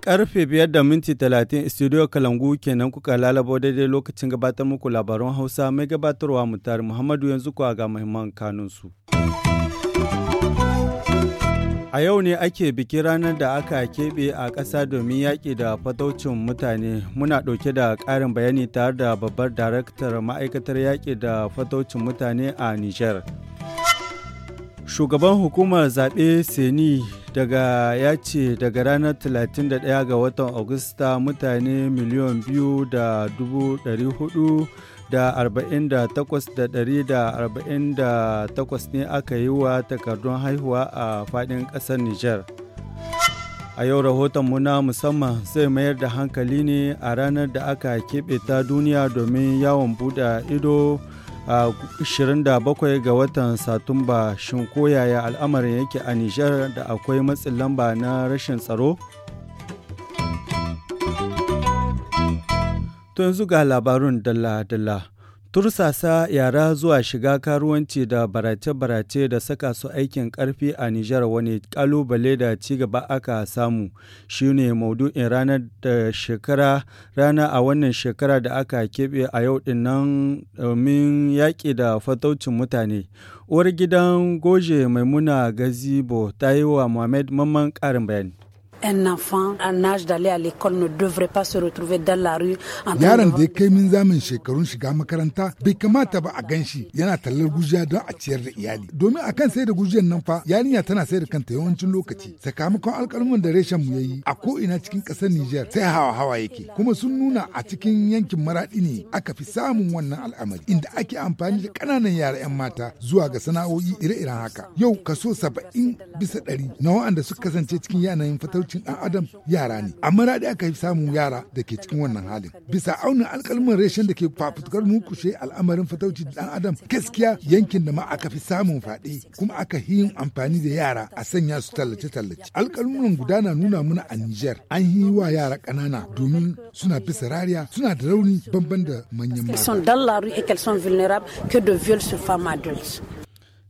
Karfe biyar da minti talatin studio Kalangu kenan kuka lalabo daidai lokacin gabatar muku labaran Hausa mai gabatarwa mutar Muhammadu yanzu kuwa ga muhimman kanunsu. su. A yau ne ake biki ranar da aka keɓe a ƙasa domin yaƙi da fatocin mutane. Muna ɗauke da ƙarin bayani tare da babbar daraktar ma'aikatar yaƙi da fatocin mutane a Nijar. Shugaban hukumar zaɓe Seni daga ya ce daga ranar 31 ga watan Agusta mutane miliyan biyu da dubu da 48,148 ne aka yi wa takardun haihuwa a faɗin ƙasar Nijar. A yau rahoton na musamman zai mayar da hankali ne a ranar da aka keɓe ta duniya domin yawon buɗe ido a 27 ga watan Satumba shin koyaya al'amarin yake a Nijar da akwai matsin lamba na rashin tsaro? To yanzu ga labarun dalla-dalla. Tursasa yara zuwa shiga karuwanci da barace-barace da saka su aikin karfi a Nijar wani kalubale da ci gaba aka samu shi ne maudu'in ranar da shekara rana a wannan shekara da aka keɓe a yau din nan domin yaƙi da fataucin mutane. Uwar gidan Goje Maimuna Gazibo ta yi wa Mohamed Mamman ƙarin bayani. un enfant en âge d'aller à l'école ne devrait pas se retrouver dans la rue en yaron da ya kai min zamin shekarun shiga makaranta bai kamata ba a ganshi yana tallar gujiya don a ciyar da iyali domin a kan sai da gujiyan nan fa yarinya tana sai da kanta yawancin lokaci sakamakon alkalmin da reshen mu yayi a ko ina cikin kasar Niger sai hawa hawa yake kuma sun nuna a cikin yankin maraɗi ne aka fi samun wannan al'amari inda ake amfani da kananan yara yan mata zuwa ga sana'o'i ire-iren haka yau kaso saba'in bisa ɗari na wa'anda suka kasance cikin yanayin fatalci yawancin ɗan adam yara ne amma na aka fi samun yara da ke cikin wannan halin bisa aunin alkalmin reshen da ke fafutukar nukushe al'amarin fatauci da ɗan adam gaskiya yankin da ma aka fi samun fadi kuma aka yi yin amfani da yara a sanya su tallace-tallace alkalmin gudana nuna mana a Nijar an yi wa yara ƙanana domin suna bisa rariya suna da rauni banban da manyan mata.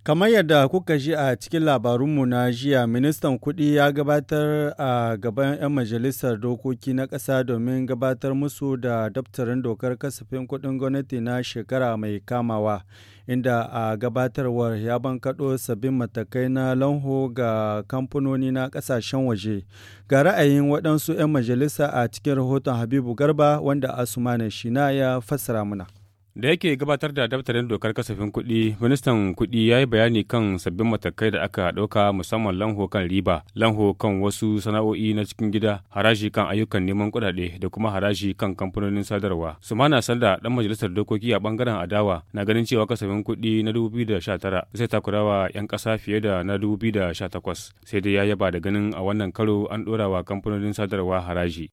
Kamar yadda kuka ji a cikin labarunmu na jiya, ministan kuɗi ya gabatar a gaban 'yan majalisar dokoki na ƙasa domin gabatar musu da daftarin dokar kasafin kuɗin gwamnati na shekara mai kamawa, inda a gabatarwar ya bankaɗo sabbin matakai na lanho ga kamfanoni na ƙasashen waje. Ga ra'ayin waɗansu 'yan majalisa a cikin rahoton Habibu Garba wanda Asumani Shina ya fassara muna. da yake gabatar da daftarin dokar kasafin kuɗi ministan kuɗi ya yi bayani kan sabbin matakai da aka ɗauka musamman lanho kan riba lanho kan wasu sana'o'i na cikin gida haraji kan ayyukan neman kuɗaɗe da kuma haraji kan kamfanonin sadarwa su na sanda ɗan majalisar dokoki a ɓangaren adawa na ganin cewa kasafin kuɗi na 2019 zai takurawa 'yan ƙasa fiye da na 2018 sai dai ya yaba da ganin a wannan karo an ɗora wa kamfanonin sadarwa haraji.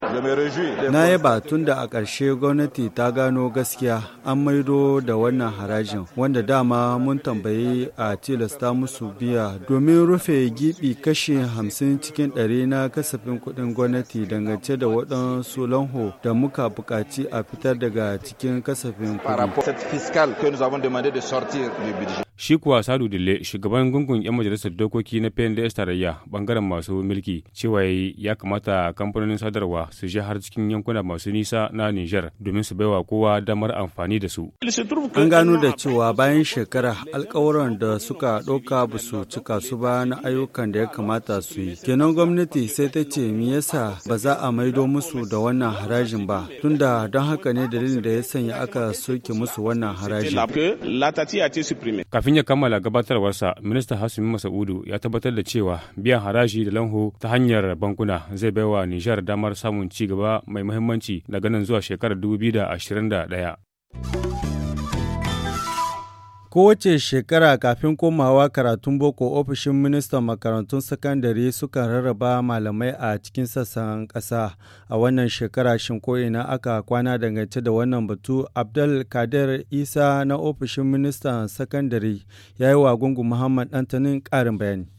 na yaba tun da a ƙarshe gwamnati ta gano gaskiya an maido da wannan harajin wanda dama mun tambayi a tilasta musu biya domin rufe gibi kashi hamsin cikin ɗari na kasafin kuɗin gwamnati dangance da waɗansu lanho da muka buƙaci a fitar daga cikin kasafin kuɗi. Shi kuwa Sadu Dille, shugaban gungun 'yan majalisar dokoki na PNDS tarayya bangaren masu milki cewa ya kamata kamfanonin sadarwa su je har cikin yankuna masu nisa na niger domin su baiwa kowa damar amfani da su. An gano da cewa bayan shekara alkawuran da suka ɗauka ba su cika su ba na ayyukan da ya kamata su yi. Kenan gwamnati sai ta ce me yasa ba za a maido musu da wannan harajin ba, tunda don haka ne dalilin da ya sanya aka soke musu wannan harajin. Kafin ya kammala gabatarwarsa, Minista Hasumi Masaudu ya tabbatar da cewa biyan haraji da lanho ta hanyar bankuna zai bai wa Nijar damar samun ci gaba mai muhimmanci daga nan zuwa shekarar 2021. Kowace shekara kafin komawa karatun boko ofishin ministan makarantun sakandare sukan rarraba malamai a cikin sassan ƙasa. A wannan shekara shin ko'ina aka kwana dangance da wannan batu Abdul Kadir Isa na ofishin ministan sakandare ya yi wa gungun Muhammad Dantanin ƙarin bayani.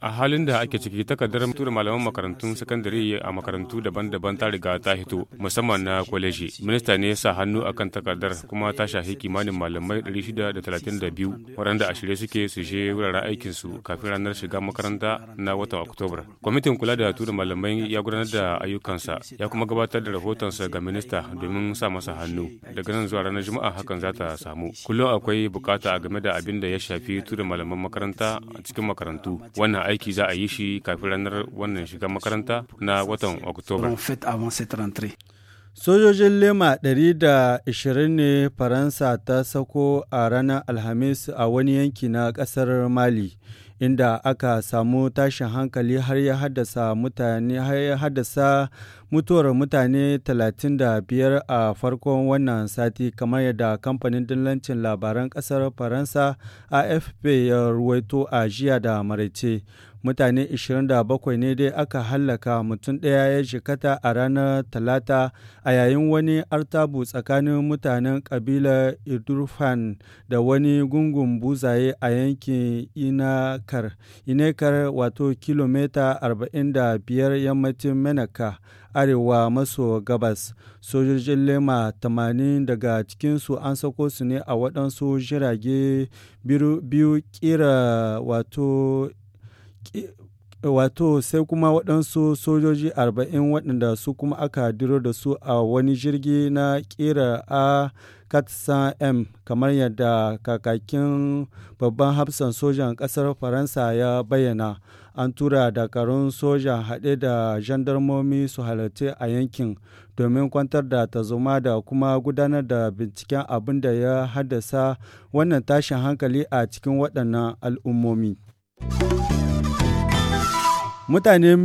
A halin da ake ciki takardar tura malaman makarantun sakandare a makarantu daban-daban ta riga ta hito musamman na kwaleji. Minista ne ya sa hannu akan takardar kuma ta shafi kimanin malamai 632 waɗanda a shirye suke su je wuraren aikinsu kafin ranar shiga makaranta na watan Oktoba. Kwamitin kula da tura malamai ya gudanar da ayyukansa ya kuma gabatar da rahotonsa ga minista domin sa masa hannu. Daga nan zuwa ranar Juma'a hakan za ta samu. Kullum akwai bukata game da abin da ya shafi tura malamai malaman makaranta a cikin makarantu wannan aiki za a yi shi kafin ranar wannan shiga makaranta na watan oktoba Sojojin Lema 120 ne Faransa ta sako a ranar Alhamis a wani yanki na ƙasar Mali, inda aka samu tashin hankali har ya haddasa mutane har ya haddasa mutuwar mutane 35 a farkon wannan sati kamar yadda kamfanin dillancin labaran ƙasar Faransa AFP ya ruwaito a jiya da maraice. mutane 27 ne dai aka hallaka mutum ɗaya ya shikata a ranar talata a yayin wani artabu tsakanin mutanen ƙabilar idurfan da wani gungun buzaye a yankin inakar inakar wato kilomita 45 yammacin menaka arewa maso gabas sojojin lema 80 daga cikinsu an sako su ne a waɗansu jirage biyu kira wato wato sai kuma waɗansu sojoji arba'in waɗanda su kuma aka diro da su a wani jirgi na kera a katsan m kamar yadda kakakin babban hafsan sojan ƙasar faransa ya bayyana an tura da dakarun soja haɗe da jandarmomi su halarci a yankin domin kwantar da tazoma da kuma gudanar da binciken abin da ya haddasa wannan tashin hankali a cikin waɗannan al'ummomi. Mutane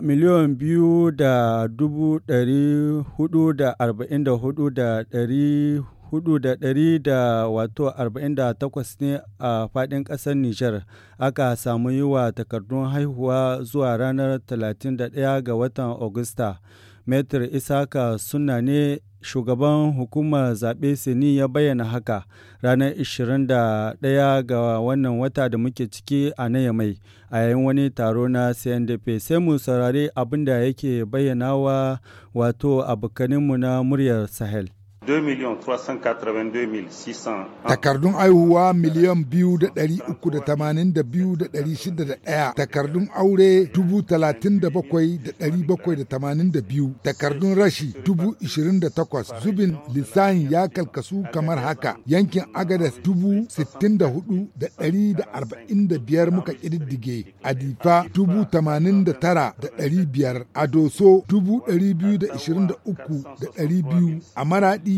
miliyan biyu da dubu dari hudu da arba'in da hudu da dari hudu da dari da wato arba'in da takwas ne a faɗin ƙasar Nijar aka samu yi wa takardun haihuwa zuwa ranar 31 ga watan Agusta. Metir Isaka suna ne shugaban hukumar zaɓe Sini ya bayyana haka ranar 21 ga wannan wata da muke ciki a na mai a yayin wani taro na cndp sai mu saurari abinda da yake bayyana wa wato abokaninmu na muryar sahel Takardun aihuwa miliyan biyu da ɗari uku da tamanin da biyu da ɗari shida da ɗaya. Takardun aure dubu talatin da bakwai da ɗari bakwai da tamanin da biyu. Takardun rashi dubu ishirin da takwas. Zubin lissahin ya kalkasu kamar haka. Yankin Agadas dubu sittin da hudu da ɗari da arba'in da biyar muka ƙididdige. Adifa dubu tamanin da tara da ɗari biyar. Adoso dubu ɗari biyu da ishirin da uku da ɗari biyu. A maraɗi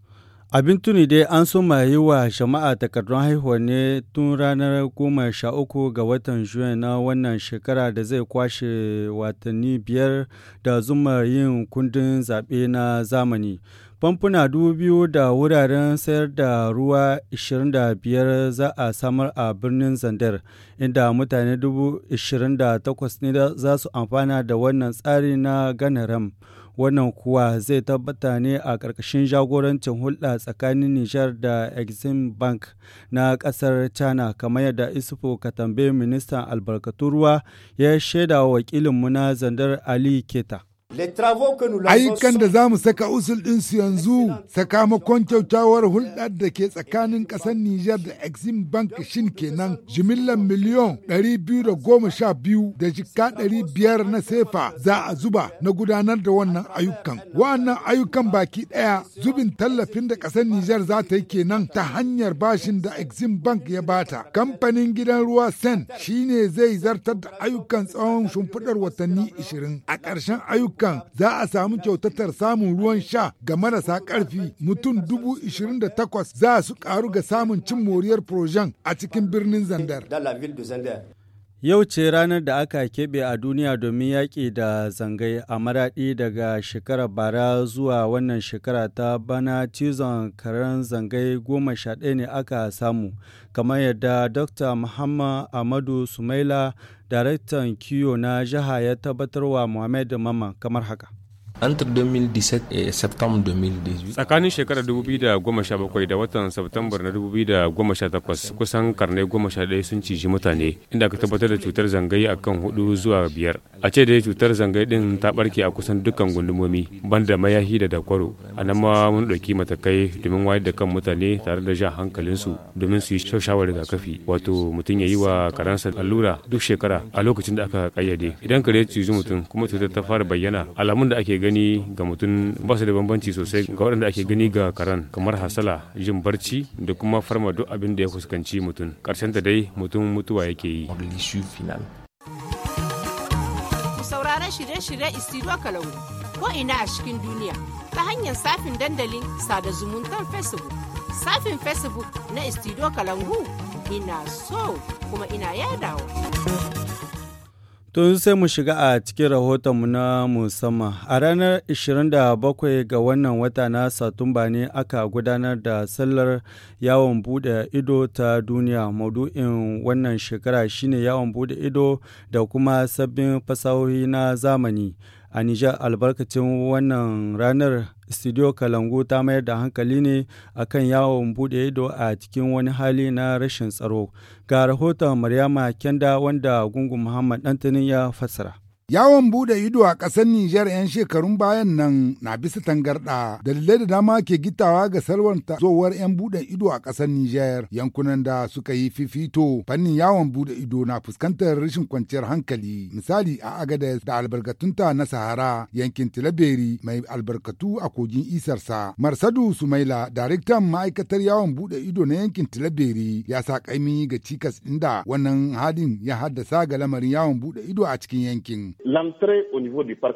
Abin tuni dai an ma yi wa jama'a takardun haihuwa ne tun ranar goma sha uku ga watan juya na wannan shekara da zai kwashe watanni biyar da zuma yin kundin zaɓe na zamani. Famfuna dubu biyu da wuraren sayar da ruwa 25 za a samar a birnin Zandar, inda mutane dubu 28 ne za su amfana da wannan tsari na Ganaram. Wannan kuwa zai tabbata ne a ƙarƙashin jagorancin hulɗa tsakanin Nijar da Exim Bank na ƙasar China kamar yadda Isufu Katambe ministan albarkatun ruwa ya shaida wa wakilinmu na Zandar Ali Keta. Ayyukan da za mu saka usul ɗinsu yanzu sakamakon kyautawar hulɗar da ke tsakanin ƙasar Nijar da Exim Bank shin kenan jimillar miliyon 212 da jika 500 na sefa za a zuba na gudanar da wannan ayyukan. Wannan ayyukan baki ɗaya zubin tallafin da ƙasar Nijar za ta yi kenan ta hanyar bashin da Exim Bank ya bata. Kamfanin gidan ruwa Sen shine zai zartar da ayyukan tsawon shimfiɗar watanni 20 a ƙarshen ayyukan dukkan za a samu kyautatar samun ruwan sha ga marasa karfi mutum dubu ishirin da takwas za su karu ga samun cin moriyar projen a cikin birnin Zandar. Yau ce ranar da aka keɓe a duniya domin yaƙi da zangai a maraɗi daga shekarar bara zuwa wannan shekara ta bana cizon karen zangai goma sha ɗaya ne aka samu, kamar yadda Dr. Muhammad Amadu Sumaila daraktan kiyo na jiha ya tabbatar wa muhammadu Mamman kamar haka. Entre 2017 et septembre 2018. Tsakanin shekarar 2017 da watan Septembar na 2018 kusan karnai 11 sun ciji mutane inda aka tabbatar da cutar zangayi a kan hudu zuwa biyar A ce da cutar zangayi din ta barke a kusan dukkan gundumomi banda mayahi da dakwaro. A nan ma mun ɗauki matakai domin wayar da kan mutane tare da jan hankalinsu domin su yi shawarar rigakafi. Wato mutum ya yi wa karansa allura duk shekara a lokacin da aka kayyade. Idan kare ya ciji mutum kuma cutar ta fara bayyana alamun da ake gani gani ga mutum ba su da bambanci sosai ga waɗanda ake gani ga karan kamar hasala jin barci da kuma farma duk abin da ya fuskanci mutum ƙarshen da dai mutum mutuwa yake yi sauraron shirye-shirye istiro kalangu ko ina a cikin duniya ta hanyar safin dandalin sada zumuntar facebook safin facebook na istiro kalangu ina so kuma ina yadawa Tun sai mu shiga a cikin rahotonmu na musamman. A ranar 27 ga wannan wata na Satumba ne aka gudanar da sallar yawon bude ido ta duniya. Maudu'in wannan shekara shine yawon bude ido da kuma sabbin fasahohi na zamani. A Nijar albarkacin wannan ranar studio kalangu ta mayar da hankali ne akan yawon bude ido a cikin wani hali na rashin tsaro ga rahoton maryama kenda wanda gungun muhammad dantanin ya fassara Yawon bude ido a ƙasar Nijar 'yan shekarun bayan nan na bisa tangarɗa. Dalilai da dama ke gitawa ga salwanta zowar 'yan bude ido a ƙasar Nijar yankunan da suka yi fifito. Fannin yawon bude ido na fuskantar rashin kwanciyar hankali. Misali a Agadez da albarkatunta na Sahara yankin Tilaberi mai albarkatu a kogin Isarsa. Marsadu Sumaila, daraktan ma'aikatar yawon bude ido na yankin Tilaberi ya sa ƙaimi ga cikas inda wannan halin ya haddasa ga lamarin yawon bude ido a cikin yankin.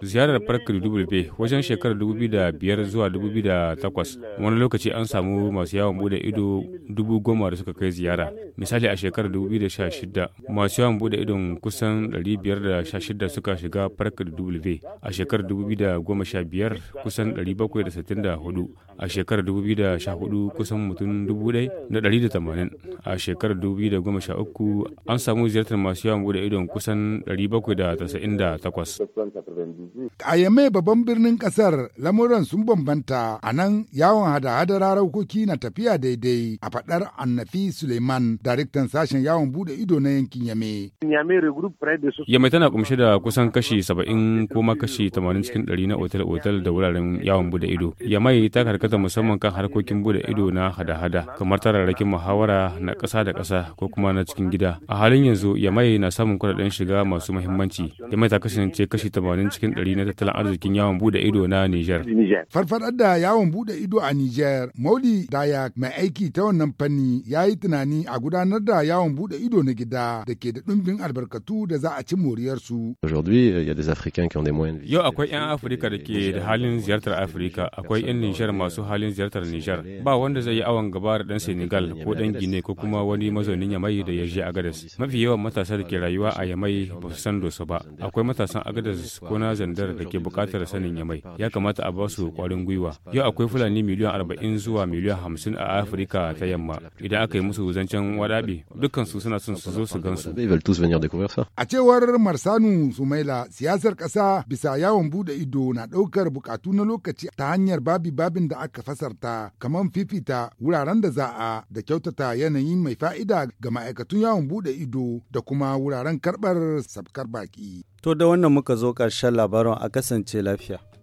Ziyarar Park Dubulbe wajen shekarar 2005 zuwa 2008 wani lokaci an samu masu yawon bude ido dubu goma da suka kai ziyara. Misali a shekarar 2016 masu yawon bude idon kusan 516 suka shiga Park Dubulbe. A shekarar 2015 kusan 764. A shekarar 2014 kusan mutum 1,180. A shekarar 2013 an samu ziyartar masu yawon bude idon kusan 790 A yamma babban birnin kasar lamuran sun bambanta a nan yawon hada hada raraukoki na tafiya daidai a faɗar Annafi Suleiman daraktan sashen yawon bude ido na yankin Yame. Yame tana kumshe da kusan kashi saba'in ko kashi tamanin cikin ɗari na otal-otal da wuraren yawon bude ido. Yamai ta karkata musamman kan harkokin bude ido na hada-hada kamar tararrakin muhawara na kasa da kasa ko kuma na cikin gida. A halin yanzu Yamai na samun kuɗaɗen shiga masu muhimmanci. Yamai ka kasance kashi 80 cikin 100 na tattalin arzikin yawon buɗe ido na Nijar. Farfadar da yawon buɗe ido a Nijar, Mauli Dayak mai aiki ta wannan fanni ya yi tunani a gudanar da yawon buɗe ido na gida da ke da ɗumbin albarkatu da za a ci moriyarsu. Euh, Yau akwai 'yan Afirka da ke da halin ziyartar Afirka, akwai 'yan Nijar masu halin ziyartar Nijar. Ba wanda zai yi awon gaba da ɗan Senegal ko ɗan Gine ko kuma wani mazaunin Yamai da ya je a gadas Mafi yawan matasa da ke rayuwa a Yamai ba su san dosa ba. Akwai matasan agadas ko na zandar da ke bukatar sanin yamai ya kamata a ba su kwarin gwiwa yau akwai fulani miliyan arba'in zuwa miliyan hamsin a afirka ta yamma idan aka yi musu zancen wadabi dukkan su suna son su zo su gansu a cewar marsanu sumaila siyasar kasa bisa yawon bude ido na daukar bukatu na lokaci ta hanyar babi babin da aka fasarta kamar fifita wuraren da za a da kyautata yanayi mai fa'ida ga ma'aikatun yawon bude ido da kuma wuraren karbar sabkar baki To da wannan muka zo ƙarshen labarin a kasance lafiya.